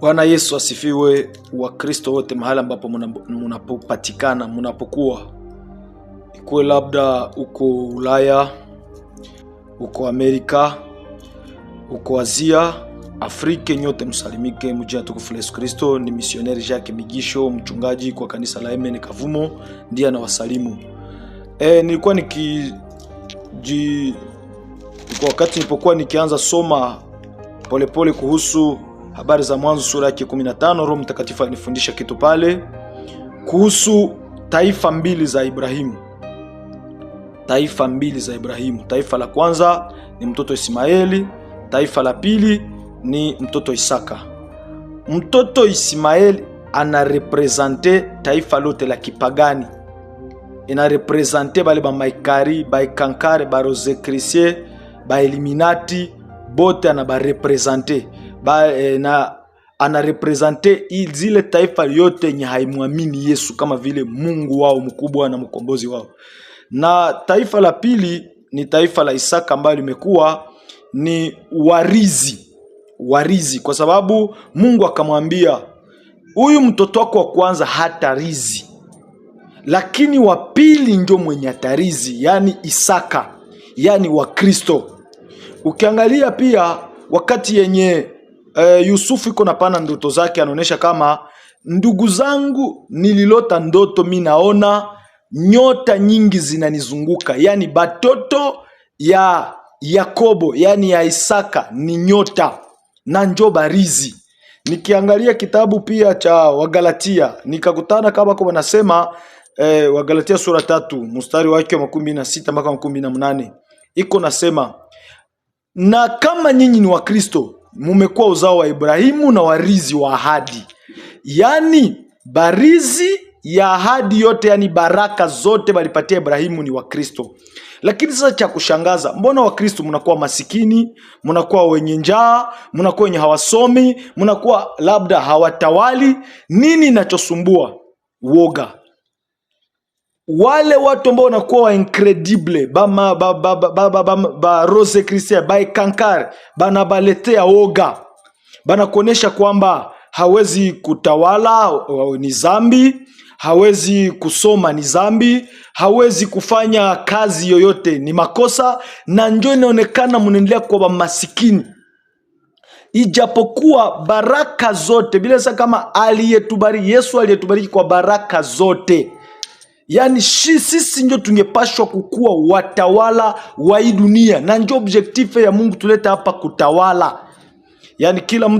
Bwana Yesu asifiwe. Wakristo wote mahali ambapo munapopatikana, munapokuwa ikuwe labda uko Ulaya, uko Amerika, uko Asia, Afrika, nyote msalimike mjia tukufu Yesu Kristo. Ni misioneri Jacques Migisho, mchungaji kwa kanisa la Emen Kavumo, ndiye anawasalimu. E, nilikuwa niki ji, wakati nilipokuwa nikianza soma polepole pole kuhusu habari za Mwanzo sura ya 15, Roho Mtakatifu alinifundisha kitu pale kuhusu taifa mbili za Ibrahimu, taifa mbili za Ibrahimu. Taifa la kwanza ni mtoto Ismaeli, taifa la pili ni mtoto Isaka. Mtoto Ismaeli anarepresente taifa lote la kipagani, inarepresente bale bamaikari, baikankare, barosecrucier, baeliminati bote anabarepresente ba, e, na anarepresente zile taifa yote yenye haimwamini Yesu kama vile Mungu wao mkubwa na mkombozi wao. Na taifa la pili ni taifa la Isaka ambayo limekuwa ni warizi warizi, kwa sababu Mungu akamwambia huyu mtoto wako wa kwanza hatarizi, lakini wa pili ndio mwenye atarizi yaani Isaka, yaani Wakristo. Ukiangalia pia wakati yenye e, Yusufu iko napana ndoto zake, anaonyesha kama ndugu zangu, nililota ndoto, mi naona nyota nyingi zinanizunguka, yani batoto ya Yakobo yani ya Isaka ni nyota na njo barizi. Nikiangalia kitabu pia cha Wagalatia nikakutana kama kwa wanasema eh, Wagalatia sura tatu mstari wake wa makumi na sita mpaka makumi na mnane iko nasema, na kama nyinyi ni Wakristo mumekuwa uzao wa Ibrahimu na warizi wa ahadi, yaani barizi ya ahadi yote, yani baraka zote walipatia Ibrahimu ni Wakristo. Lakini sasa cha kushangaza, mbona Wakristo mnakuwa masikini, mnakuwa wenye njaa, mnakuwa wenye hawasomi, mnakuwa labda hawatawali? Nini inachosumbua? Woga wale watu ambao wanakuwa wa incredible ba ba, ba, ba, ba, ba, ba, ba rose christian ba ekankar banabaletea oga, banakuonyesha kwamba hawezi kutawala ni zambi, hawezi kusoma ni zambi, hawezi kufanya kazi yoyote ni makosa, na njo inaonekana mnaendelea kwa masikini ijapokuwa baraka zote bila. Sasa kama aliyetubariki Yesu aliyetubariki kwa baraka zote yani shi, sisi ndio tungepashwa kukuwa watawala wa hii dunia, na ndio objektife ya Mungu tuleta hapa kutawala, yani kila mtu